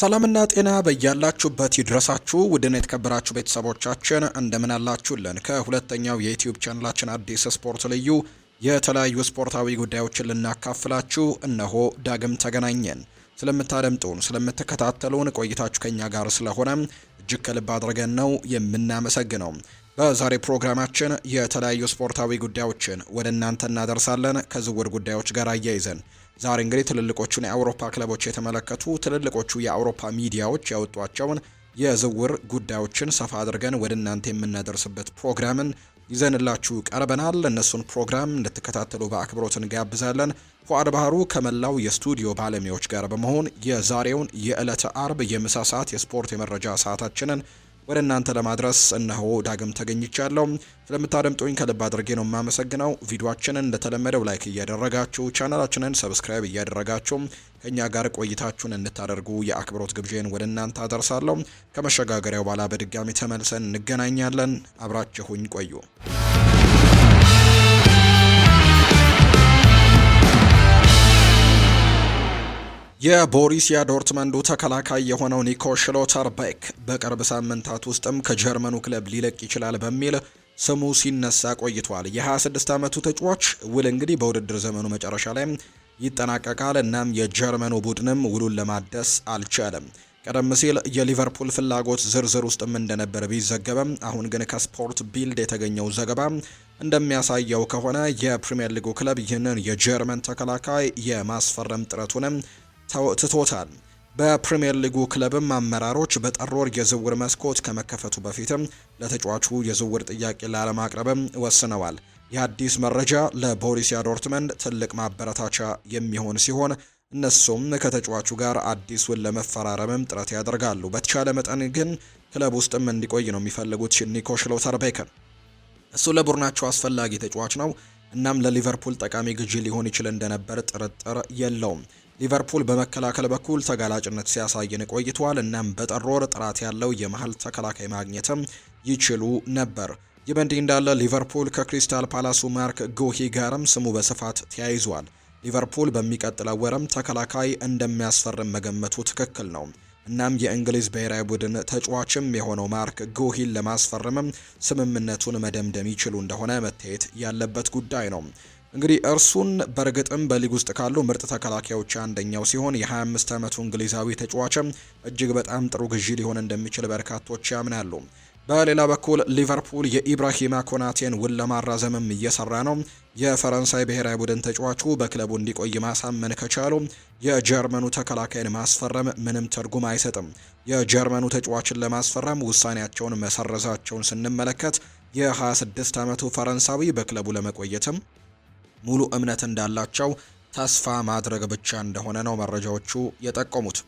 ሰላምና ጤና በያላችሁበት ይድረሳችሁ። ውድን የተከበራችሁ ቤተሰቦቻችን እንደምን አላችሁልን? ከሁለተኛው የዩትዩብ ቻናላችን አዲስ ስፖርት ልዩ የተለያዩ ስፖርታዊ ጉዳዮችን ልናካፍላችሁ እነሆ ዳግም ተገናኘን። ስለምታደምጡን ስለምትከታተሉን ቆይታችሁ ከኛ ጋር ስለሆነ እጅግ ከልብ አድርገን ነው የምናመሰግነው። በዛሬ ፕሮግራማችን የተለያዩ ስፖርታዊ ጉዳዮችን ወደ እናንተ እናደርሳለን። ከዝውውር ጉዳዮች ጋር አያይዘን ዛሬ እንግዲህ ትልልቆቹን የአውሮፓ ክለቦች የተመለከቱ ትልልቆቹ የአውሮፓ ሚዲያዎች ያወጧቸውን የዝውውር ጉዳዮችን ሰፋ አድርገን ወደ እናንተ የምናደርስበት ፕሮግራምን ይዘንላችሁ ቀርበናል። እነሱን ፕሮግራም እንድትከታተሉ በአክብሮት እንጋብዛለን። ፉአድ ባህሩ ከመላው የስቱዲዮ ባለሙያዎች ጋር በመሆን የዛሬውን የዕለተ አርብ የምሳ ሰዓት የስፖርት የመረጃ ሰዓታችንን ወደ እናንተ ለማድረስ እነሆ ዳግም ተገኝቻለሁ። ስለምታደምጡኝ ከልብ አድርጌ ነው የማመሰግነው። ቪዲዮችንን እንደተለመደው ላይክ እያደረጋችሁ ቻናላችንን ሰብስክራይብ እያደረጋችሁ ከእኛ ጋር ቆይታችሁን እንታደርጉ የአክብሮት ግብዤን ወደ እናንተ አደርሳለሁ። ከመሸጋገሪያው በኋላ በድጋሚ ተመልሰን እንገናኛለን። አብራችሁኝ ቆዩ። የቦሪሲያ ዶርትመንዱ ተከላካይ የሆነው ኒኮ ሽሎተር ቤክ በቅርብ ሳምንታት ውስጥም ከጀርመኑ ክለብ ሊለቅ ይችላል በሚል ስሙ ሲነሳ ቆይቷል። የ26 ዓመቱ ተጫዋች ውል እንግዲህ በውድድር ዘመኑ መጨረሻ ላይ ይጠናቀቃል። እናም የጀርመኑ ቡድንም ውሉን ለማደስ አልቻለም። ቀደም ሲል የሊቨርፑል ፍላጎት ዝርዝር ውስጥም እንደነበር ቢዘገበም አሁን ግን ከስፖርት ቢልድ የተገኘው ዘገባ እንደሚያሳየው ከሆነ የፕሪምየር ሊጉ ክለብ ይህንን የጀርመን ተከላካይ የማስፈረም ጥረቱንም ትቶታል። በፕሪምየር ሊጉ ክለብም አመራሮች በጠሮር የዝውር የዝውውር መስኮት ከመከፈቱ በፊትም ለተጫዋቹ የዝውውር ጥያቄ ላለማቅረብም ወስነዋል። የአዲስ መረጃ ለቦሪሲያ ዶርትመንድ ትልቅ ማበረታቻ የሚሆን ሲሆን እነሱም ከተጫዋቹ ጋር አዲሱን ለመፈራረምም ጥረት ያደርጋሉ። በተቻለ መጠን ግን ክለብ ውስጥም እንዲቆይ ነው የሚፈልጉት ኒኮ ሽሎተርቤክን። እሱ ለቡድናቸው አስፈላጊ ተጫዋች ነው። እናም ለሊቨርፑል ጠቃሚ ግዢ ሊሆን ይችል እንደነበር ጥርጥር የለውም። ሊቨርፑል በመከላከል በኩል ተጋላጭነት ሲያሳይን ቆይቷል። እናም በጥር ወር ጥራት ያለው የመሀል ተከላካይ ማግኘትም ይችሉ ነበር። ይህ በእንዲህ እንዳለ ሊቨርፑል ከክሪስታል ፓላሱ ማርክ ጎሂ ጋርም ስሙ በስፋት ተያይዟል። ሊቨርፑል በሚቀጥለው ወርም ተከላካይ እንደሚያስፈርም መገመቱ ትክክል ነው። እናም የእንግሊዝ ብሔራዊ ቡድን ተጫዋችም የሆነው ማርክ ጎሂን ለማስፈረምም ስምምነቱን መደምደም ይችሉ እንደሆነ መታየት ያለበት ጉዳይ ነው። እንግዲህ እርሱን በእርግጥም በሊግ ውስጥ ካሉ ምርጥ ተከላካዮች አንደኛው ሲሆን የ25 ዓመቱ እንግሊዛዊ ተጫዋችም እጅግ በጣም ጥሩ ግዢ ሊሆን እንደሚችል በርካቶች ያምናሉ። በሌላ በኩል ሊቨርፑል የኢብራሂማ ኮናቴን ውል ለማራዘምም እየሰራ ነው። የፈረንሳይ ብሔራዊ ቡድን ተጫዋቹ በክለቡ እንዲቆይ ማሳመን ከቻሉ የጀርመኑ ተከላካይን ማስፈረም ምንም ትርጉም አይሰጥም። የጀርመኑ ተጫዋችን ለማስፈረም ውሳኔያቸውን መሰረዛቸውን ስንመለከት የ26 ዓመቱ ፈረንሳዊ በክለቡ ለመቆየትም ሙሉ እምነት እንዳላቸው ተስፋ ማድረግ ብቻ እንደሆነ ነው መረጃዎቹ የጠቆሙት።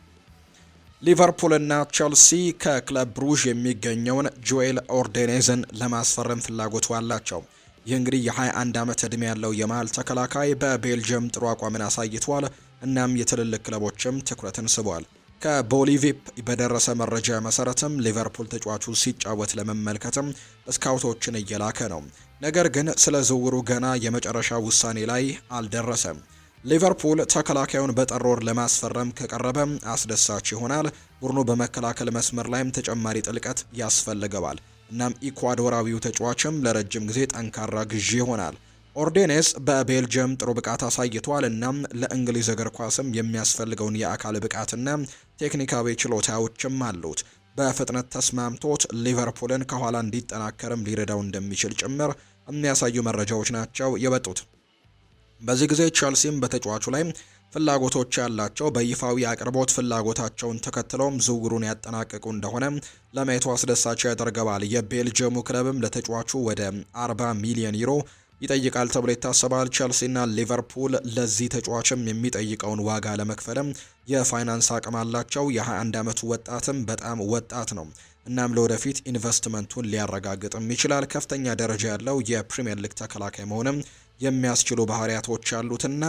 እና ቸልሲ ከክለብ ብሩዥ የሚገኘውን ጆኤል ኦርዴኔዝን ለማስፈረም ፍላጎቱ አላቸው። ይህ እንግዲህ የ21 ዓመት ዕድሜ ያለው የመሃል ተከላካይ በቤልጅየም ጥሩ አቋምን አሳይቷል። እናም የትልልቅ ክለቦችም ትኩረትን ስቧል። ከቦሊቪፕ በደረሰ መረጃ መሰረትም ሊቨርፑል ተጫዋቹ ሲጫወት ለመመልከትም ስካውቶችን እየላከ ነው። ነገር ግን ስለ ዝውውሩ ገና የመጨረሻ ውሳኔ ላይ አልደረሰም። ሊቨርፑል ተከላካዩን በጥር ወር ለማስፈረም ከቀረበ አስደሳች ይሆናል። ቡድኑ በመከላከል መስመር ላይም ተጨማሪ ጥልቀት ያስፈልገዋል። እናም ኢኳዶራዊው ተጫዋችም ለረጅም ጊዜ ጠንካራ ግዢ ይሆናል። ኦርዴኔስ በቤልጅየም ጥሩ ብቃት አሳይቷል። እናም ለእንግሊዝ እግር ኳስም የሚያስፈልገውን የአካል ብቃትና ቴክኒካዊ ችሎታዎችም አሉት። በፍጥነት ተስማምቶት ሊቨርፑልን ከኋላ እንዲጠናከርም ሊረዳው እንደሚችል ጭምር የሚያሳዩ መረጃዎች ናቸው የበጡት። በዚህ ጊዜ ቸልሲም በተጫዋቹ ላይ ፍላጎቶች ያላቸው በይፋዊ አቅርቦት ፍላጎታቸውን ተከትለውም ዝውውሩን ያጠናቀቁ እንደሆነ ለማየቱ አስደሳች ያደርገዋል። የቤልጅየሙ ክለብም ለተጫዋቹ ወደ 40 ሚሊዮን ዩሮ ይጠይቃል ተብሎ ይታሰባል። ቸልሲና ሊቨርፑል ለዚህ ተጫዋችም የሚጠይቀውን ዋጋ ለመክፈልም የፋይናንስ አቅም አላቸው። የ21 ዓመቱ ወጣትም በጣም ወጣት ነው። እናም ለወደፊት ኢንቨስትመንቱን ሊያረጋግጥም ይችላል። ከፍተኛ ደረጃ ያለው የፕሪምየር ሊግ ተከላካይ መሆንም የሚያስችሉ ባህሪያቶች ያሉትና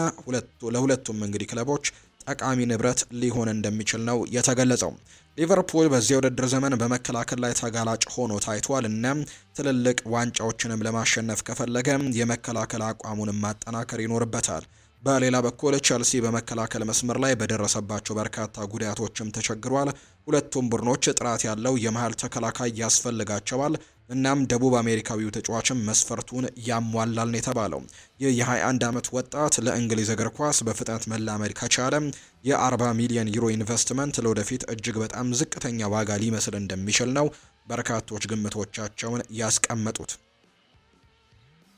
ለሁለቱም እንግዲህ ክለቦች ጠቃሚ ንብረት ሊሆን እንደሚችል ነው የተገለጸው። ሊቨርፑል በዚህ ውድድር ዘመን በመከላከል ላይ ተጋላጭ ሆኖ ታይቷል። እና ትልልቅ ዋንጫዎችንም ለማሸነፍ ከፈለገ የመከላከል አቋሙንም ማጠናከር ይኖርበታል። በሌላ በኩል ቸልሲ በመከላከል መስመር ላይ በደረሰባቸው በርካታ ጉዳቶችም ተቸግሯል። ሁለቱም ቡድኖች ጥራት ያለው የመሃል ተከላካይ ያስፈልጋቸዋል። እናም ደቡብ አሜሪካዊው ተጫዋችም መስፈርቱን ያሟላል ነው የተባለው። ይህ የ21 ዓመት ወጣት ለእንግሊዝ እግር ኳስ በፍጥነት መላመድ ከቻለ የ40 ሚሊዮን ዩሮ ኢንቨስትመንት ለወደፊት እጅግ በጣም ዝቅተኛ ዋጋ ሊመስል እንደሚችል ነው በርካቶች ግምቶቻቸውን ያስቀመጡት።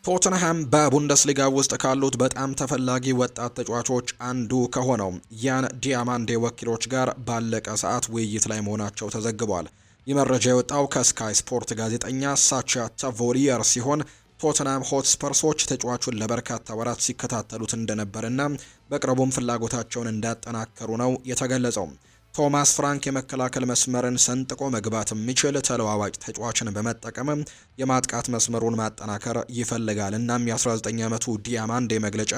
ቶትንሃም በቡንደስሊጋ ውስጥ ካሉት በጣም ተፈላጊ ወጣት ተጫዋቾች አንዱ ከሆነው ያን ዲያማንዴ ወኪሎች ጋር ባለቀ ሰዓት ውይይት ላይ መሆናቸው ተዘግቧል። ይህ መረጃ የወጣው ከስካይ ስፖርት ጋዜጠኛ ሳቻ ታቮሪየር ሲሆን ቶትናም ሆትስፐርሶች ተጫዋቹን ለበርካታ ወራት ሲከታተሉት እንደነበርና በቅርቡም ፍላጎታቸውን እንዳጠናከሩ ነው የተገለጸው። ቶማስ ፍራንክ የመከላከል መስመርን ሰንጥቆ መግባት የሚችል ተለዋዋጭ ተጫዋችን በመጠቀም የማጥቃት መስመሩን ማጠናከር ይፈልጋል። እናም የ19 ዓመቱ ዲያማንዴ መግለጫ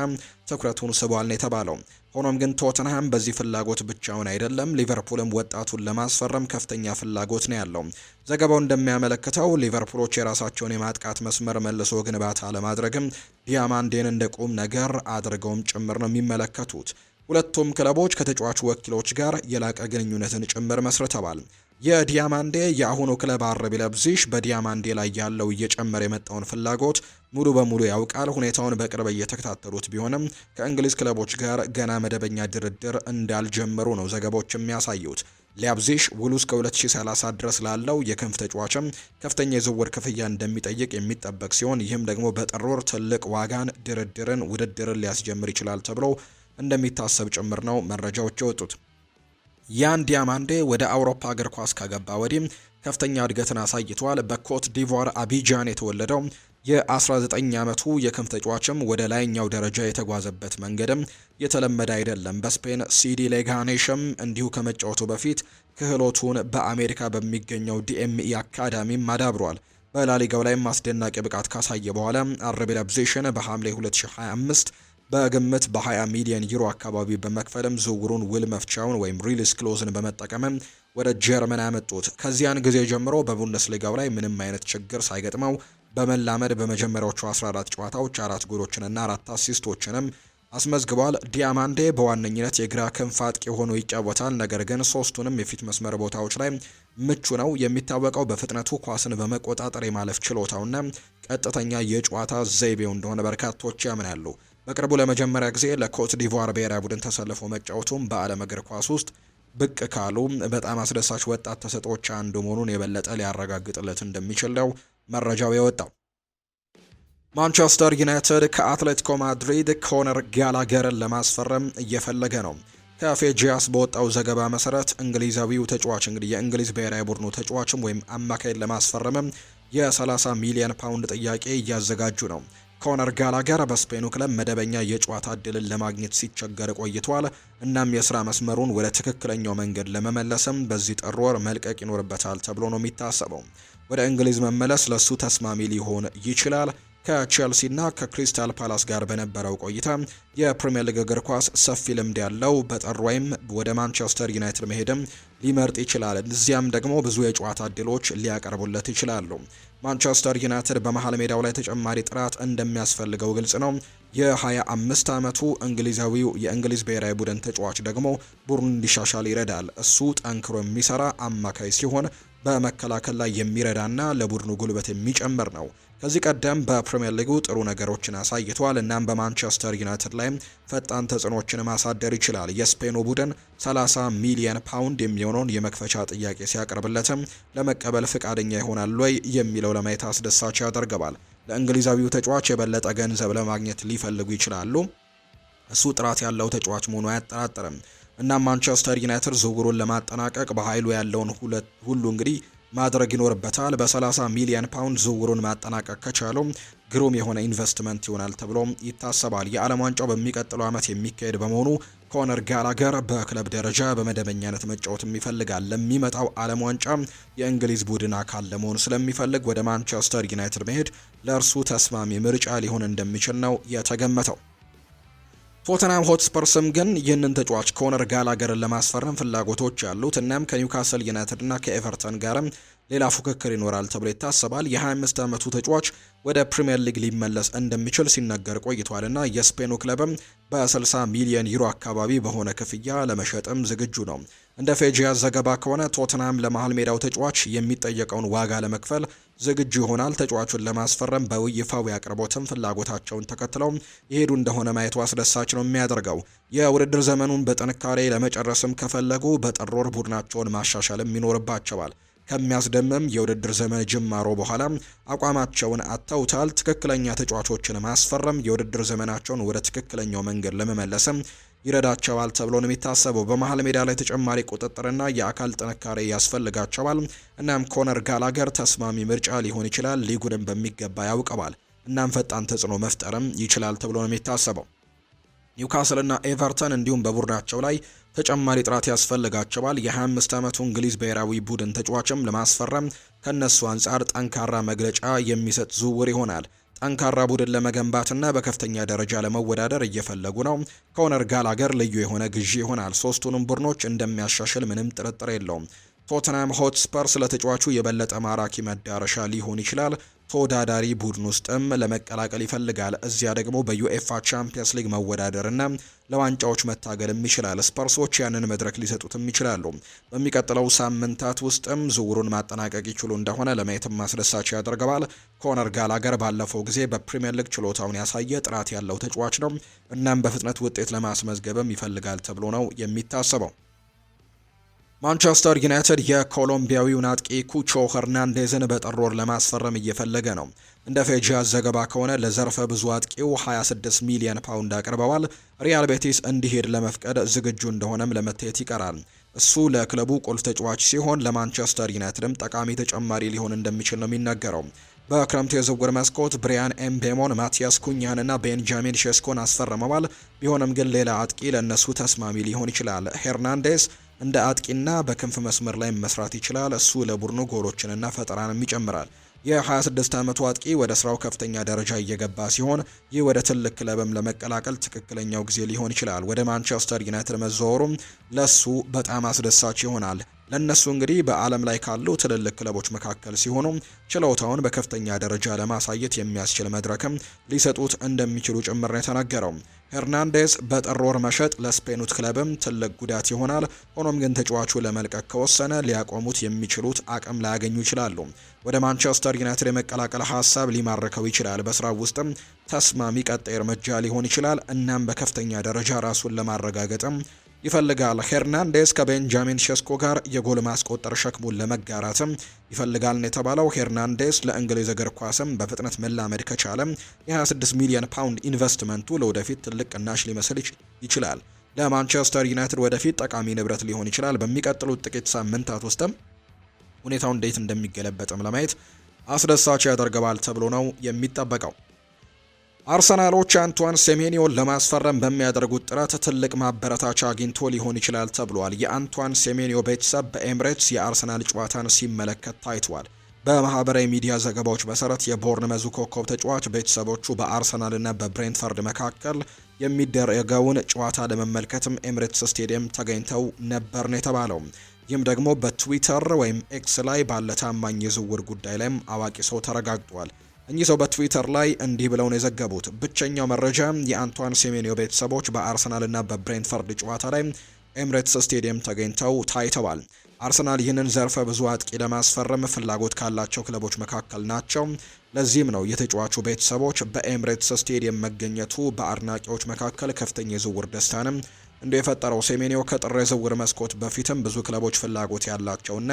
ትኩረቱን ስቧል ነው የተባለው። ሆኖም ግን ቶተንሃም በዚህ ፍላጎት ብቻውን አይደለም። ሊቨርፑልም ወጣቱን ለማስፈረም ከፍተኛ ፍላጎት ነው ያለው። ዘገባው እንደሚያመለክተው ሊቨርፑሎች የራሳቸውን የማጥቃት መስመር መልሶ ግንባታ ለማድረግም ዲያማንዴን እንደ ቁም ነገር አድርገውም ጭምር ነው የሚመለከቱት። ሁለቱም ክለቦች ከተጫዋቹ ወኪሎች ጋር የላቀ ግንኙነትን ጭምር መስርተዋል። የዲያማንዴ የአሁኑ ክለብ አረቢ ለብዚሽ በዲያማንዴ ላይ ያለው እየጨመረ የመጣውን ፍላጎት ሙሉ በሙሉ ያውቃል። ሁኔታውን በቅርብ እየተከታተሉት ቢሆንም ከእንግሊዝ ክለቦች ጋር ገና መደበኛ ድርድር እንዳልጀመሩ ነው ዘገቦች የሚያሳዩት። ሊያብዚሽ ውሉ እስከ 2030 ድረስ ላለው የክንፍ ተጫዋችም ከፍተኛ የዝውውር ክፍያ እንደሚጠይቅ የሚጠበቅ ሲሆን ይህም ደግሞ በጥር ወር ትልቅ ዋጋን፣ ድርድርን፣ ውድድርን ሊያስጀምር ይችላል ተብሎ እንደሚታሰብ ጭምር ነው መረጃዎች የወጡት። ያን ዲያማንዴ ወደ አውሮፓ እግር ኳስ ከገባ ወዲህ ከፍተኛ እድገትን አሳይቷል። በኮት ዲቮር አቢጃን የተወለደው የ19 ዓመቱ የክንፍ ተጫዋችም ወደ ላይኛው ደረጃ የተጓዘበት መንገድም የተለመደ አይደለም። በስፔን ሲዲ ሌጋኔሽም እንዲሁ ከመጫወቱ በፊት ክህሎቱን በአሜሪካ በሚገኘው ዲኤምኢ አካዳሚም አዳብሯል። በላሊጋው ላይም አስደናቂ ብቃት ካሳየ በኋላ አርቢ ላይፕዚግን በሐምሌ 2025 በግምት በ20 ሚሊዮን ዩሮ አካባቢ በመክፈልም ዝውውሩን ውል መፍቻውን ወይም ሪሊስ ክሎዝን በመጠቀምም ወደ ጀርመን ያመጡት። ከዚያን ጊዜ ጀምሮ በቡንደስሊጋው ላይ ምንም አይነት ችግር ሳይገጥመው በመላመድ በመጀመሪያዎቹ 14 ጨዋታዎች አራት ጎሎችንና አራት አሲስቶችንም አስመዝግቧል። ዲያማንዴ በዋነኝነት የግራ ክንፍ አጥቂ ሆኖ ይጫወታል። ነገር ግን ሶስቱንም የፊት መስመር ቦታዎች ላይ ምቹ ነው። የሚታወቀው በፍጥነቱ ኳስን በመቆጣጠር የማለፍ ችሎታውና ቀጥተኛ የጨዋታ ዘይቤው እንደሆነ በርካቶች ያምናሉ። በቅርቡ ለመጀመሪያ ጊዜ ለኮት ዲቮር ብሔራዊ ቡድን ተሰልፎ መጫወቱም በዓለም እግር ኳስ ውስጥ ብቅ ካሉ በጣም አስደሳች ወጣት ተሰጦች አንዱ መሆኑን የበለጠ ሊያረጋግጥለት እንደሚችል ነው መረጃው የወጣው። ማንቸስተር ዩናይትድ ከአትሌቲኮ ማድሪድ ኮነር ጋላገርን ለማስፈረም እየፈለገ ነው። ከፌጂያስ በወጣው ዘገባ መሰረት እንግሊዛዊው ተጫዋች እንግዲህ የእንግሊዝ ብሔራዊ ቡድኑ ተጫዋችም ወይም አማካይን ለማስፈረምም የ30 ሚሊዮን ፓውንድ ጥያቄ እያዘጋጁ ነው። ኮነር ጋላገር በስፔኑ ክለብ መደበኛ የጨዋታ እድልን ለማግኘት ሲቸገር ቆይቷል። እናም የስራ መስመሩን ወደ ትክክለኛው መንገድ ለመመለስም በዚህ ጥር ወር መልቀቅ ይኖርበታል ተብሎ ነው የሚታሰበው። ወደ እንግሊዝ መመለስ ለሱ ተስማሚ ሊሆን ይችላል። ከቼልሲና ከክሪስታል ፓላስ ጋር በነበረው ቆይታ የፕሪምየር ሊግ እግር ኳስ ሰፊ ልምድ ያለው በጥር ወይም ወደ ማንቸስተር ዩናይትድ መሄድም ሊመርጥ ይችላል። እዚያም ደግሞ ብዙ የጨዋታ እድሎች ሊያቀርቡለት ይችላሉ። ማንቸስተር ዩናይትድ በመሃል ሜዳው ላይ ተጨማሪ ጥራት እንደሚያስፈልገው ግልጽ ነው። የ25 ዓመቱ እንግሊዛዊው የእንግሊዝ ብሔራዊ ቡድን ተጫዋች ደግሞ ቡድኑ እንዲሻሻል ይረዳል። እሱ ጠንክሮ የሚሰራ አማካይ ሲሆን በመከላከል ላይ የሚረዳና ለቡድኑ ጉልበት የሚጨምር ነው። ከዚህ ቀደም በፕሪምየር ሊጉ ጥሩ ነገሮችን አሳይቷል። እናም በማንቸስተር ዩናይትድ ላይም ፈጣን ተጽዕኖችን ማሳደር ይችላል። የስፔኑ ቡድን 30 ሚሊየን ፓውንድ የሚሆነውን የመክፈቻ ጥያቄ ሲያቀርብለትም ለመቀበል ፍቃደኛ ይሆናል ወይ የሚለው ለማየት አስደሳች ያደርገዋል። ለእንግሊዛዊው ተጫዋች የበለጠ ገንዘብ ለማግኘት ሊፈልጉ ይችላሉ። እሱ ጥራት ያለው ተጫዋች መሆኑ አያጠራጥርም። እናም ማንቸስተር ዩናይትድ ዝውውሩን ለማጠናቀቅ በኃይሉ ያለውን ሁሉ እንግዲህ ማድረግ ይኖርበታል። በ30 ሚሊዮን ፓውንድ ዝውውሩን ማጠናቀቅ ከቻሉ ግሩም የሆነ ኢንቨስትመንት ይሆናል ተብሎ ይታሰባል። የዓለም ዋንጫው በሚቀጥለው ዓመት የሚካሄድ በመሆኑ ኮነር ጋላገር በክለብ ደረጃ በመደበኛነት መጫወትም ይፈልጋል። ለሚመጣው ዓለም ዋንጫ የእንግሊዝ ቡድን አካል ለመሆን ስለሚፈልግ ወደ ማንቸስተር ዩናይትድ መሄድ ለእርሱ ተስማሚ ምርጫ ሊሆን እንደሚችል ነው የተገመተው። ቶተናም ሆትስፐርስም ግን ይህንን ተጫዋች ኮነር ጋላገርን ለማስፈረም ፍላጎቶች ያሉት እናም ከኒውካስል ዩናይትድ እና ከኤቨርተን ጋርም ሌላ ፉክክር ይኖራል ተብሎ ይታሰባል። የ25 ዓመቱ ተጫዋች ወደ ፕሪምየር ሊግ ሊመለስ እንደሚችል ሲነገር ቆይቷልና የስፔኑ ክለብም በ60 ሚሊዮን ዩሮ አካባቢ በሆነ ክፍያ ለመሸጥም ዝግጁ ነው። እንደ ፌጂያ ዘገባ ከሆነ ቶትንሃም ለመሃል ሜዳው ተጫዋች የሚጠየቀውን ዋጋ ለመክፈል ዝግጁ ይሆናል። ተጫዋቹን ለማስፈረም በይፋዊ አቅርቦትም ፍላጎታቸውን ተከትለው ይሄዱ እንደሆነ ማየቱ አስደሳች ነው የሚያደርገው። የውድድር ዘመኑን በጥንካሬ ለመጨረስም ከፈለጉ በጥር ወር ቡድናቸውን ማሻሻልም ይኖርባቸዋል። ከሚያስደምም የውድድር ዘመን ጅማሮ በኋላ አቋማቸውን አጥተውታል። ትክክለኛ ተጫዋቾችን ማስፈረም የውድድር ዘመናቸውን ወደ ትክክለኛው መንገድ ለመመለስም ይረዳቸዋል ተብሎ ነው የሚታሰበው። በመሀል ሜዳ ላይ ተጨማሪ ቁጥጥርና የአካል ጥንካሬ ያስፈልጋቸዋል። እናም ኮነር ጋላገር ተስማሚ ምርጫ ሊሆን ይችላል። ሊጉንም በሚገባ ያውቀዋል። እናም ፈጣን ተጽዕኖ መፍጠርም ይችላል ተብሎ ነው የሚታሰበው። ኒውካስል እና ኤቨርተን እንዲሁም በቡድናቸው ላይ ተጨማሪ ጥራት ያስፈልጋቸዋል። የ25 ዓመቱ እንግሊዝ ብሔራዊ ቡድን ተጫዋችም ለማስፈረም ከነሱ አንጻር ጠንካራ መግለጫ የሚሰጥ ዝውውር ይሆናል። ጠንካራ ቡድን ለመገንባትና በከፍተኛ ደረጃ ለመወዳደር እየፈለጉ ነው። ከኦነር ጋላገር ልዩ የሆነ ግዢ ይሆናል። ሶስቱንም ቡድኖች እንደሚያሻሽል ምንም ጥርጥር የለውም። ቶተናም ሆትስፐር ስለ ተጫዋቹ የበለጠ ማራኪ መዳረሻ ሊሆን ይችላል ተወዳዳሪ ቡድን ውስጥም ለመቀላቀል ይፈልጋል። እዚያ ደግሞ በዩኤፋ ቻምፒየንስ ሊግ መወዳደርና ለዋንጫዎች መታገልም ይችላል። ስፐርሶች ያንን መድረክ ሊሰጡትም ይችላሉ። በሚቀጥለው ሳምንታት ውስጥም ዝውውሩን ማጠናቀቅ ይችሉ እንደሆነ ለማየትም አስደሳች ያደርገዋል። ኮነር ጋላገር ባለፈው ጊዜ በፕሪምየር ሊግ ችሎታውን ያሳየ ጥራት ያለው ተጫዋች ነው። እናም በፍጥነት ውጤት ለማስመዝገብም ይፈልጋል ተብሎ ነው የሚታሰበው። ማንቸስተር ዩናይትድ የኮሎምቢያዊውን አጥቂ ኩቾ ሄርናንዴዝን በጥር ወር ለማስፈረም እየፈለገ ነው። እንደ ፌጂያ ዘገባ ከሆነ ለዘርፈ ብዙ አጥቂው 26 ሚሊዮን ፓውንድ አቅርበዋል። ሪያል ቤቲስ እንዲሄድ ለመፍቀድ ዝግጁ እንደሆነም ለመታየት ይቀራል። እሱ ለክለቡ ቁልፍ ተጫዋች ሲሆን ለማንቸስተር ዩናይትድም ጠቃሚ ተጨማሪ ሊሆን እንደሚችል ነው የሚነገረው። በክረምቱ የዝውውር መስኮት ብሪያን ኤምቤሞን፣ ማቲያስ ኩኛንና ቤንጃሚን ሼስኮን አስፈርመዋል። ቢሆንም ግን ሌላ አጥቂ ለእነሱ ተስማሚ ሊሆን ይችላል። ሄርናንዴስ እንደ አጥቂና በክንፍ መስመር ላይ መስራት ይችላል። እሱ ለቡድኑ ጎሎችንና ፈጠራንም ይጨምራል። የ26 ዓመቱ አጥቂ ወደ ስራው ከፍተኛ ደረጃ እየገባ ሲሆን ይህ ወደ ትልቅ ክለብም ለመቀላቀል ትክክለኛው ጊዜ ሊሆን ይችላል። ወደ ማንቸስተር ዩናይትድ መዘወሩም ለሱ በጣም አስደሳች ይሆናል። ለነሱ እንግዲህ በዓለም ላይ ካሉ ትልልቅ ክለቦች መካከል ሲሆኑ ችሎታውን በከፍተኛ ደረጃ ለማሳየት የሚያስችል መድረክም ሊሰጡት እንደሚችሉ ጭምር ነው የተናገረው። ሄርናንዴዝ በጥር ወር መሸጥ ለስፔኑት ክለብም ትልቅ ጉዳት ይሆናል። ሆኖም ግን ተጫዋቹ ለመልቀቅ ከወሰነ ሊያቆሙት የሚችሉት አቅም ላያገኙ ይችላሉ። ወደ ማንቸስተር ዩናይትድ የመቀላቀል ሀሳብ ሊማርከው ይችላል። በስራው ውስጥም ተስማሚ ቀጣይ እርምጃ ሊሆን ይችላል። እናም በከፍተኛ ደረጃ ራሱን ለማረጋገጥም ይፈልጋል። ሄርናንዴስ ከቤንጃሚን ሸስኮ ጋር የጎል ማስቆጠር ሸክሙን ለመጋራትም ይፈልጋል ነው የተባለው። ሄርናንዴስ ለእንግሊዝ እግር ኳስም በፍጥነት መላመድ ከቻለ የ26 ሚሊዮን ፓውንድ ኢንቨስትመንቱ ለወደፊት ትልቅ ቅናሽ ሊመስል ይችላል። ለማንቸስተር ዩናይትድ ወደፊት ጠቃሚ ንብረት ሊሆን ይችላል። በሚቀጥሉት ጥቂት ሳምንታት ውስጥም ሁኔታው እንዴት እንደሚገለበጥም ለማየት አስደሳች ያደርገዋል ተብሎ ነው የሚጠበቀው። አርሰናሎች አንቷን ሴሜኒዮን ለማስፈረም በሚያደርጉት ጥረት ትልቅ ማበረታቻ አግኝቶ ሊሆን ይችላል ተብሏል። የአንቷን ሴሜኒዮ ቤተሰብ በኤምሬትስ የአርሰናል ጨዋታን ሲመለከት ታይቷል። በማህበራዊ ሚዲያ ዘገባዎች መሰረት መዙ ኮከብ ተጫዋች ቤተሰቦቹ በአርሰናልና በብሬንትፈርድ መካከል የሚደረገውን ጨዋታ ለመመልከትም ኤምሬትስ ስቴዲየም ተገኝተው ነበር ነው የተባለው። ይህም ደግሞ በትዊተር ወይም ኤክስ ላይ ባለ ታማኝ የዝውውር ጉዳይ ላይም አዋቂ ሰው ተረጋግጧል። እኚህ ሰው በትዊተር ላይ እንዲህ ብለው ነው የዘገቡት። ብቸኛው መረጃ የአንቷን ሴሜኒዮ ቤተሰቦች በአርሰናልና በብሬንፈርድ ጨዋታ ላይ ኤምሬትስ ስቴዲየም ተገኝተው ታይተዋል። አርሰናል ይህንን ዘርፈ ብዙ አጥቂ ለማስፈረም ፍላጎት ካላቸው ክለቦች መካከል ናቸው። ለዚህም ነው የተጫዋቹ ቤተሰቦች በኤምሬትስ ስቴዲየም መገኘቱ በአድናቂዎች መካከል ከፍተኛ የዝውውር ደስታንም እንደፈጠረው የፈጠረው ሴሜኒዮ ከጥር የዝውውር መስኮት በፊትም ብዙ ክለቦች ፍላጎት ያላቸውና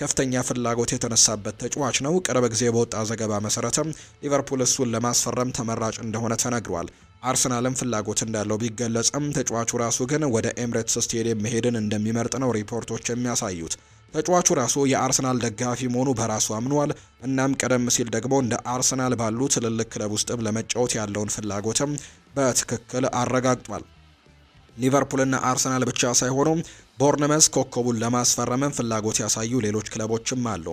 ከፍተኛ ፍላጎት የተነሳበት ተጫዋች ነው። ቅርብ ጊዜ በወጣ ዘገባ መሰረትም ሊቨርፑል እሱን ለማስፈረም ተመራጭ እንደሆነ ተነግሯል። አርሰናልም ፍላጎት እንዳለው ቢገለጽም ተጫዋቹ ራሱ ግን ወደ ኤምሬትስ ስቴዲየም መሄድን እንደሚመርጥ ነው ሪፖርቶች የሚያሳዩት። ተጫዋቹ ራሱ የአርሰናል ደጋፊ መሆኑ በራሱ አምኗል። እናም ቀደም ሲል ደግሞ እንደ አርሰናል ባሉ ትልልቅ ክለብ ውስጥም ለመጫወት ያለውን ፍላጎትም በትክክል አረጋግጧል። ሊቨርፑልና አርሰናል ብቻ ሳይሆኑ ቦርነመስ ኮከቡን ለማስፈረምን ፍላጎት ያሳዩ ሌሎች ክለቦችም አሉ።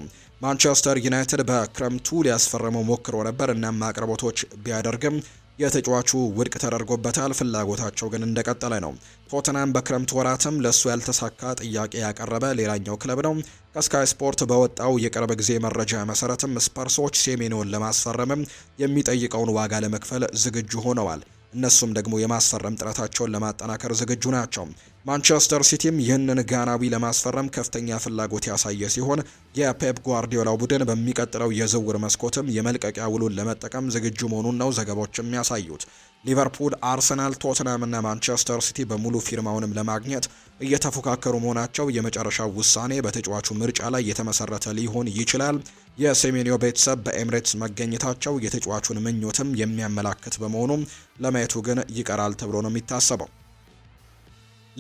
ማንቸስተር ዩናይትድ በክረምቱ ሊያስፈረመው ሞክሮ ነበር እናም አቅርቦቶች ቢያደርግም የተጫዋቹ ውድቅ ተደርጎበታል። ፍላጎታቸው ግን እንደቀጠለ ነው። ቶተናም በክረምት ወራትም ለእሱ ያልተሳካ ጥያቄ ያቀረበ ሌላኛው ክለብ ነው። ከስካይ ስፖርት በወጣው የቅርብ ጊዜ መረጃ መሰረትም ስፐርሶች ሴሜንዮን ለማስፈረምም የሚጠይቀውን ዋጋ ለመክፈል ዝግጁ ሆነዋል። እነሱም ደግሞ የማስፈረም ጥረታቸውን ለማጠናከር ዝግጁ ናቸው። ማንቸስተር ሲቲም ይህንን ጋናዊ ለማስፈረም ከፍተኛ ፍላጎት ያሳየ ሲሆን የፔፕ ጓርዲዮላው ቡድን በሚቀጥለው የዝውውር መስኮትም የመልቀቂያ ውሉን ለመጠቀም ዝግጁ መሆኑን ነው ዘገባዎችም ያሳዩት። ሊቨርፑል፣ አርሰናል፣ ቶትናም እና ማንቸስተር ሲቲ በሙሉ ፊርማውንም ለማግኘት እየተፎካከሩ መሆናቸው የመጨረሻው ውሳኔ በተጫዋቹ ምርጫ ላይ የተመሰረተ ሊሆን ይችላል። የሴሜንዮ ቤተሰብ በኤምሬትስ መገኘታቸው የተጫዋቹን ምኞትም የሚያመላክት በመሆኑም ለማየቱ ግን ይቀራል ተብሎ ነው የሚታሰበው።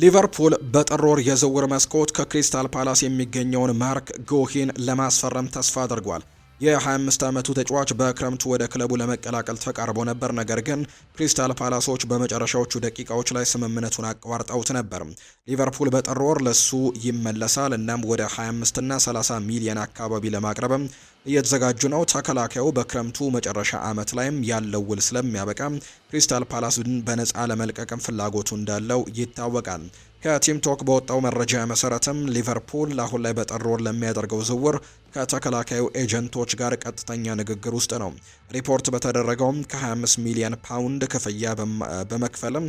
ሊቨርፑል በጥር ወር የዝውውር መስኮት ከክሪስታል ፓላስ የሚገኘውን ማርክ ጎሂን ለማስፈረም ተስፋ አድርጓል። የ25 ዓመቱ ተጫዋች በክረምቱ ወደ ክለቡ ለመቀላቀል ተቃርቦ ነበር። ነገር ግን ክሪስታል ፓላሶች በመጨረሻዎቹ ደቂቃዎች ላይ ስምምነቱን አቋርጠውት ነበር። ሊቨርፑል በጥር ወር ለሱ ይመለሳል። እናም ወደ 25 እና 30 ሚሊዮን አካባቢ ለማቅረብም እየተዘጋጁ ነው። ተከላካዩ በክረምቱ መጨረሻ ዓመት ላይም ያለው ውል ስለሚያበቃ ክሪስታል ፓላስን በነፃ ለመልቀቅም ፍላጎቱ እንዳለው ይታወቃል። ከቲም ቶክ በወጣው መረጃ መሰረትም ሊቨርፑል አሁን ላይ በጥር ለሚያደርገው ዝውውር ከተከላካዩ ኤጀንቶች ጋር ቀጥተኛ ንግግር ውስጥ ነው። ሪፖርት በተደረገውም ከ25 ሚሊዮን ፓውንድ ክፍያ በመክፈልም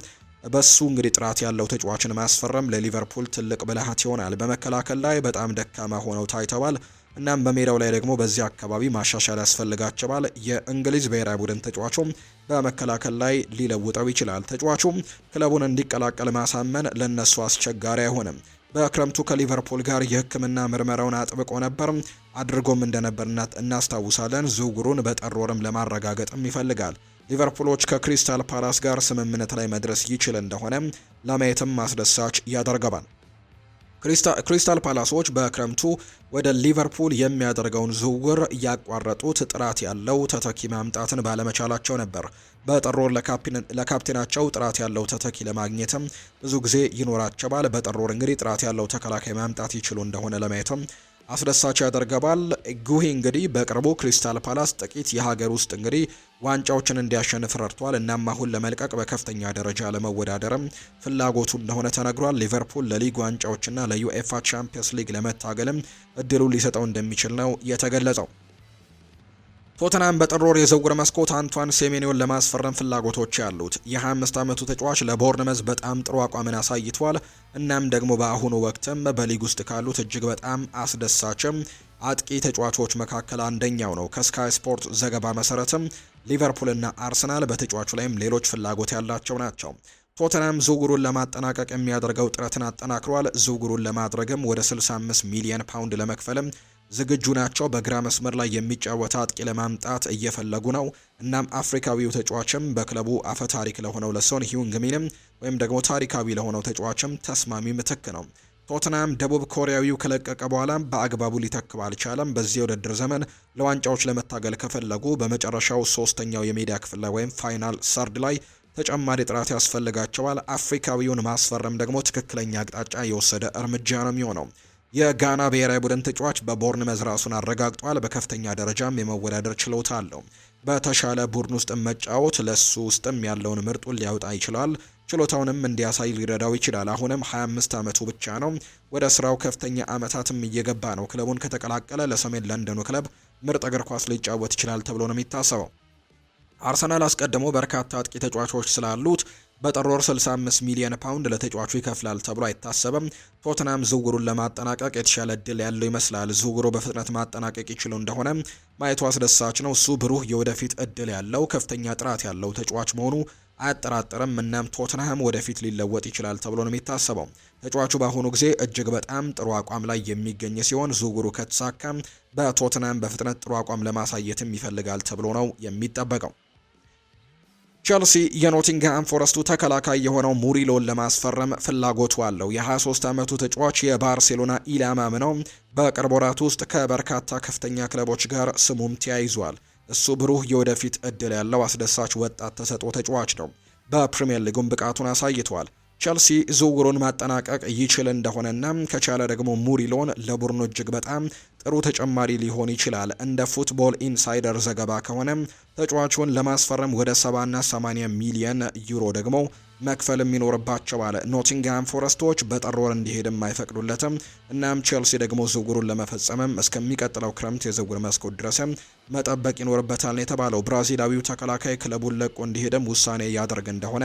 በሱ እንግዲህ ጥራት ያለው ተጫዋችን ማስፈረም ለሊቨርፑል ትልቅ ብልሃት ይሆናል። በመከላከል ላይ በጣም ደካማ ሆነው ታይተዋል። እናም በሜዳው ላይ ደግሞ በዚህ አካባቢ ማሻሻል ያስፈልጋቸዋል። የእንግሊዝ ብሔራዊ ቡድን ተጫዋቹም በመከላከል ላይ ሊለውጠው ይችላል። ተጫዋቹም ክለቡን እንዲቀላቀል ማሳመን ለነሱ አስቸጋሪ አይሆንም። በክረምቱ ከሊቨርፑል ጋር የሕክምና ምርመራውን አጥብቆ ነበር አድርጎም እንደነበርነት እናስታውሳለን። ዝውውሩን በጠሮርም ለማረጋገጥም ይፈልጋል። ሊቨርፑሎች ከክሪስታል ፓላስ ጋር ስምምነት ላይ መድረስ ይችል እንደሆነ ለማየትም አስደሳች ያደርገዋል። ክሪስታል ፓላሶች በክረምቱ ወደ ሊቨርፑል የሚያደርገውን ዝውውር ያቋረጡት ጥራት ያለው ተተኪ ማምጣትን ባለመቻላቸው ነበር። በጥር ለካፕቴናቸው ጥራት ያለው ተተኪ ለማግኘትም ብዙ ጊዜ ይኖራቸዋል። በጥር እንግዲህ ጥራት ያለው ተከላካይ ማምጣት ይችሉ እንደሆነ ለማየትም አስደሳች ያደርገባል። ጉሂ እንግዲህ በቅርቡ ክሪስታል ፓላስ ጥቂት የሀገር ውስጥ እንግዲህ ዋንጫዎችን እንዲያሸንፍ ረድቷል። እናም አሁን ለመልቀቅ በከፍተኛ ደረጃ ለመወዳደርም ፍላጎቱ እንደሆነ ተነግሯል። ሊቨርፑል ለሊግ ዋንጫዎችና ለዩኤፋ ቻምፒየንስ ሊግ ለመታገልም እድሉ ሊሰጠው እንደሚችል ነው የተገለጸው። ቶተናም በጥሮር የዝውውር መስኮት አንቷን ሴሜኒዮን ለማስፈረም ፍላጎቶች ያሉት የ25 ዓመቱ ተጫዋች ለቦርንመዝ በጣም ጥሩ አቋምን አሳይቷል። እናም ደግሞ በአሁኑ ወቅትም በሊግ ውስጥ ካሉት እጅግ በጣም አስደሳችም አጥቂ ተጫዋቾች መካከል አንደኛው ነው። ከስካይ ስፖርት ዘገባ መሰረትም ሊቨርፑልና አርሰናል በተጫዋቹ ላይም ሌሎች ፍላጎት ያላቸው ናቸው። ቶተናም ዝውውሩን ለማጠናቀቅ የሚያደርገው ጥረትን አጠናክሯል። ዝውውሩን ለማድረግም ወደ 65 ሚሊየን ፓውንድ ለመክፈልም ዝግጁ ናቸው። በግራ መስመር ላይ የሚጫወት አጥቂ ለማምጣት እየፈለጉ ነው። እናም አፍሪካዊው ተጫዋችም በክለቡ አፈ ታሪክ ለሆነው ለሶን ሚንም ወይም ደግሞ ታሪካዊ ለሆነው ተጫዋችም ተስማሚ ምትክ ነው። ቶትናም ደቡብ ኮሪያዊው ከለቀቀ በኋላ በአግባቡ ሊተክብ አልቻለም። በዚህ የውድድር ዘመን ለዋንጫዎች ለመታገል ከፈለጉ በመጨረሻው ሶስተኛው የሜዳ ክፍል ላይ ወይም ፋይናል ሰርድ ላይ ተጨማሪ ጥራት ያስፈልጋቸዋል። አፍሪካዊውን ማስፈረም ደግሞ ትክክለኛ አቅጣጫ የወሰደ እርምጃ ነው የሚሆነው። የጋና ብሔራዊ ቡድን ተጫዋች በቦርን መዝራሱን አረጋግጧል። በከፍተኛ ደረጃም የመወዳደር ችሎታ አለው። በተሻለ ቡድን ውስጥ መጫወት ለሱ ውስጥም ያለውን ምርጡን ሊያወጣ ይችላል። ችሎታውንም እንዲያሳይ ሊረዳው ይችላል። አሁንም 25 ዓመቱ ብቻ ነው። ወደ ስራው ከፍተኛ ዓመታትም እየገባ ነው። ክለቡን ከተቀላቀለ ለሰሜን ለንደኑ ክለብ ምርጥ እግር ኳስ ሊጫወት ይችላል ተብሎ ነው የሚታሰበው። አርሰናል አስቀድሞ በርካታ አጥቂ ተጫዋቾች ስላሉት በጥር 65 ሚሊዮን ፓውንድ ለተጫዋቹ ይከፍላል ተብሎ አይታሰብም። ቶትናም ዝውውሩን ለማጠናቀቅ የተሻለ እድል ያለው ይመስላል። ዝውውሩ በፍጥነት ማጠናቀቅ ይችሉ እንደሆነ ማየቱ አስደሳች ነው። እሱ ብሩህ የወደፊት እድል ያለው ከፍተኛ ጥራት ያለው ተጫዋች መሆኑ አያጠራጥርም። እናም ቶትናም ወደፊት ሊለወጥ ይችላል ተብሎ ነው የሚታሰበው። ተጫዋቹ በአሁኑ ጊዜ እጅግ በጣም ጥሩ አቋም ላይ የሚገኝ ሲሆን ዝውውሩ ከተሳካም በቶትናም በፍጥነት ጥሩ አቋም ለማሳየትም ይፈልጋል ተብሎ ነው የሚጠበቀው። ቸልሲ የኖቲንግሃም ፎረስቱ ተከላካይ የሆነው ሙሪሎን ለማስፈረም ፍላጎቱ አለው። የ23 ዓመቱ ተጫዋች የባርሴሎና ኢላማም ነው። በቅርብ ወራት ውስጥ ከበርካታ ከፍተኛ ክለቦች ጋር ስሙም ተያይዟል። እሱ ብሩህ የወደፊት እድል ያለው አስደሳች ወጣት ተሰጥኦ ተጫዋች ነው። በፕሪምየር ሊጉም ብቃቱን አሳይቷል። ቸልሲ ዝውውሩን ማጠናቀቅ ይችል እንደሆነና ከቻለ ደግሞ ሙሪሎን ለቡድኑ እጅግ በጣም ጥሩ ተጨማሪ ሊሆን ይችላል። እንደ ፉትቦል ኢንሳይደር ዘገባ ከሆነ ተጫዋቹን ለማስፈረም ወደ 70ና 80 ሚሊየን ዩሮ ደግሞ የሚኖርባቸው ይኖርባቸዋል። ኖቲንግሃም ፎረስቶች በጥር ወር እንዲሄድም አይፈቅዱለትም። እናም ቼልሲ ደግሞ ዝውውሩን ለመፈጸምም እስከሚቀጥለው ክረምት የዝውውር መስኮት ድረስም መጠበቅ ይኖርበታል ነው የተባለው። ብራዚላዊው ተከላካይ ክለቡን ለቆ እንዲሄድም ውሳኔ እያደረገ እንደሆነ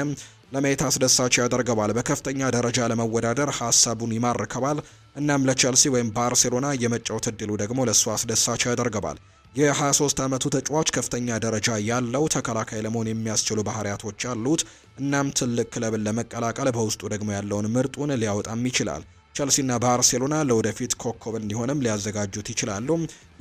ለማየት አስደሳች ያደርገዋል። በከፍተኛ ደረጃ ለመወዳደር ሀሳቡን ይማርከዋል። እናም ለቼልሲ ወይም ባርሴሎና የመጫወት እድሉ ደግሞ ለእሱ አስደሳች ያደርገዋል። የ23 ዓመቱ ተጫዋች ከፍተኛ ደረጃ ያለው ተከላካይ ለመሆን የሚያስችሉ ባህሪያቶች አሉት። እናም ትልቅ ክለብን ለመቀላቀል በውስጡ ደግሞ ያለውን ምርጡን ሊያወጣም ይችላል። ቸልሲና ባርሴሎና ለወደፊት ኮከብ እንዲሆንም ሊያዘጋጁት ይችላሉ።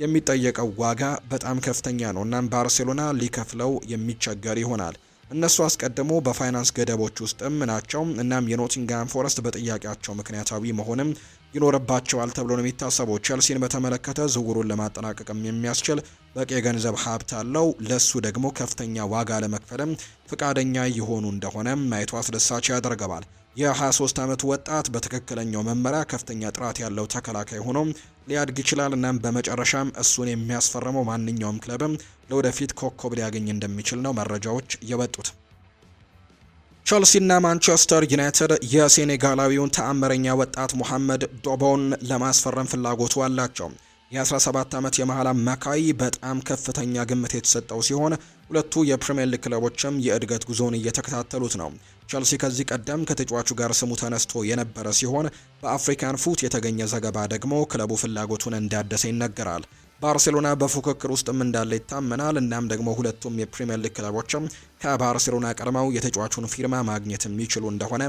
የሚጠየቀው ዋጋ በጣም ከፍተኛ ነው። እናም ባርሴሎና ሊከፍለው የሚቸገር ይሆናል። እነሱ አስቀድሞ በፋይናንስ ገደቦች ውስጥም ናቸው። እናም የኖቲንግሃም ፎረስት በጥያቄያቸው ምክንያታዊ መሆንም ይኖርባቸዋል ተብሎ ነው የሚታሰበው። ቸልሲን በተመለከተ ዝውውሩን ለማጠናቀቅም የሚያስችል በቂ የገንዘብ ሀብት አለው። ለሱ ደግሞ ከፍተኛ ዋጋ ለመክፈልም ፍቃደኛ የሆኑ እንደሆነ ማየቱ አስደሳች ያደርገዋል። የ23 ዓመቱ ወጣት በትክክለኛው መመሪያ ከፍተኛ ጥራት ያለው ተከላካይ ሆኖ ሊያድግ ይችላል። እናም በመጨረሻም እሱን የሚያስፈርመው ማንኛውም ክለብም ለወደፊት ኮከብ ሊያገኝ እንደሚችል ነው መረጃዎች የወጡት። ቸልሲና ማንቸስተር ዩናይትድ የሴኔጋላዊውን ተአምረኛ ወጣት ሙሐመድ ዶቦን ለማስፈረም ፍላጎቱ አላቸው። የ17 ዓመት የመሃል አማካይ በጣም ከፍተኛ ግምት የተሰጠው ሲሆን ሁለቱ የፕሪምየር ሊግ ክለቦችም የእድገት ጉዞውን እየተከታተሉት ነው። ቸልሲ ከዚህ ቀደም ከተጫዋቹ ጋር ስሙ ተነስቶ የነበረ ሲሆን በአፍሪካን ፉት የተገኘ ዘገባ ደግሞ ክለቡ ፍላጎቱን እንዳደሰ ይነገራል። ባርሴሎና በፉክክር ውስጥም እንዳለ ይታመናል። እናም ደግሞ ሁለቱም የፕሪምየር ሊግ ክለቦችም ከባርሴሎና ቀድመው የተጫዋቹን ፊርማ ማግኘት የሚችሉ እንደሆነ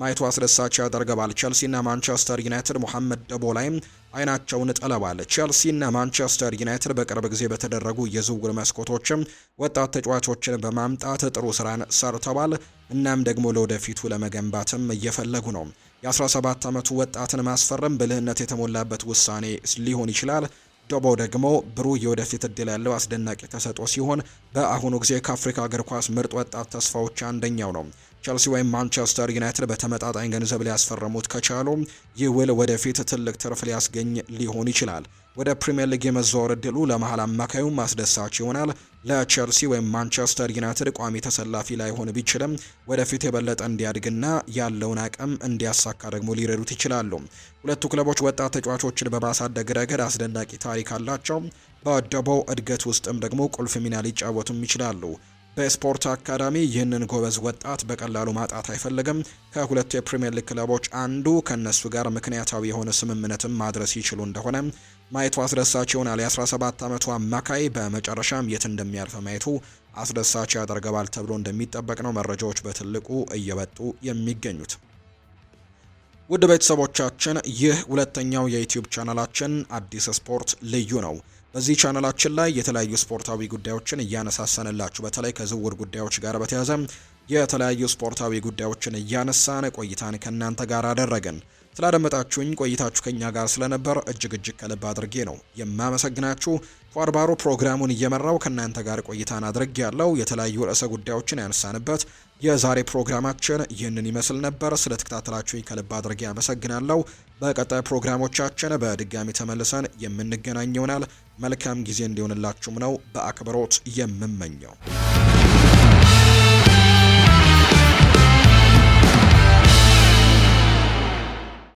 ማየቱ አስደሳች ያደርገዋል። ቸልሲና ማንቸስተር ዩናይትድ ሙሐመድ ደቦ ላይም አይናቸውን ጥለዋል። ቸልሲና ማንቸስተር ዩናይትድ በቅርብ ጊዜ በተደረጉ የዝውውር መስኮቶችም ወጣት ተጫዋቾችን በማምጣት ጥሩ ስራን ሰርተዋል። እናም ደግሞ ለወደፊቱ ለመገንባትም እየፈለጉ ነው። የ17 ዓመቱ ወጣትን ማስፈረም ብልህነት የተሞላበት ውሳኔ ሊሆን ይችላል ዶቦ ደግሞ ብሩህ የወደፊት እድል ያለው አስደናቂ ተሰጥኦ ሲሆን በአሁኑ ጊዜ ከአፍሪካ እግር ኳስ ምርጥ ወጣት ተስፋዎች አንደኛው ነው። ቸልሲ ወይም ማንቸስተር ዩናይትድ በተመጣጣኝ ገንዘብ ሊያስፈረሙት ከቻሉ ይህ ውል ወደፊት ትልቅ ትርፍ ሊያስገኝ ሊሆን ይችላል። ወደ ፕሪምየር ሊግ የመዛወር እድሉ ለመሀል አማካዩም አስደሳች ይሆናል። ለቸልሲ ወይም ማንቸስተር ዩናይትድ ቋሚ ተሰላፊ ላይሆን ቢችልም ወደፊት የበለጠ እንዲያድግና ያለውን አቅም እንዲያሳካ ደግሞ ሊረዱት ይችላሉ። ሁለቱ ክለቦች ወጣት ተጫዋቾችን በማሳደግ ረገድ አስደናቂ ታሪክ አላቸው። በደቦው እድገት ውስጥም ደግሞ ቁልፍ ሚና ሊጫወቱም ይችላሉ። በስፖርት አካዳሚ ይህንን ጎበዝ ወጣት በቀላሉ ማጣት አይፈልግም። ከሁለቱ የፕሪምየር ሊግ ክለቦች አንዱ ከእነሱ ጋር ምክንያታዊ የሆነ ስምምነትም ማድረስ ይችሉ እንደሆነ ማየቱ አስደሳች ይሆናል። የ17 ዓመቱ አማካይ በመጨረሻም የት እንደሚያልፍ ማየቱ አስደሳች ያደርገዋል ተብሎ እንደሚጠበቅ ነው መረጃዎች በትልቁ እየበጡ የሚገኙት። ውድ ቤተሰቦቻችን ይህ ሁለተኛው የዩትዩብ ቻናላችን አዲስ ስፖርት ልዩ ነው። በዚህ ቻናላችን ላይ የተለያዩ ስፖርታዊ ጉዳዮችን እያነሳሰንላችሁ በተለይ ከዝውውር ጉዳዮች ጋር በተያያዘ የተለያዩ ስፖርታዊ ጉዳዮችን እያነሳን ቆይታን ከእናንተ ጋር አደረግን። ስላደመጣችሁኝ ቆይታችሁ ከኛ ጋር ስለነበር እጅግ እጅግ ከልብ አድርጌ ነው የማመሰግናችሁ። ፏርባሮ ፕሮግራሙን እየመራው ከእናንተ ጋር ቆይታን አድረግ ያለው የተለያዩ ርዕሰ ጉዳዮችን ያነሳንበት የዛሬ ፕሮግራማችን ይህንን ይመስል ነበር። ስለ ተከታተላችሁ ከልብ አድርጌ አመሰግናለሁ። በቀጣይ ፕሮግራሞቻችን በድጋሚ ተመልሰን የምንገናኝ ይሆናል። መልካም ጊዜ እንዲሆንላችሁም ነው በአክብሮት የምመኘው።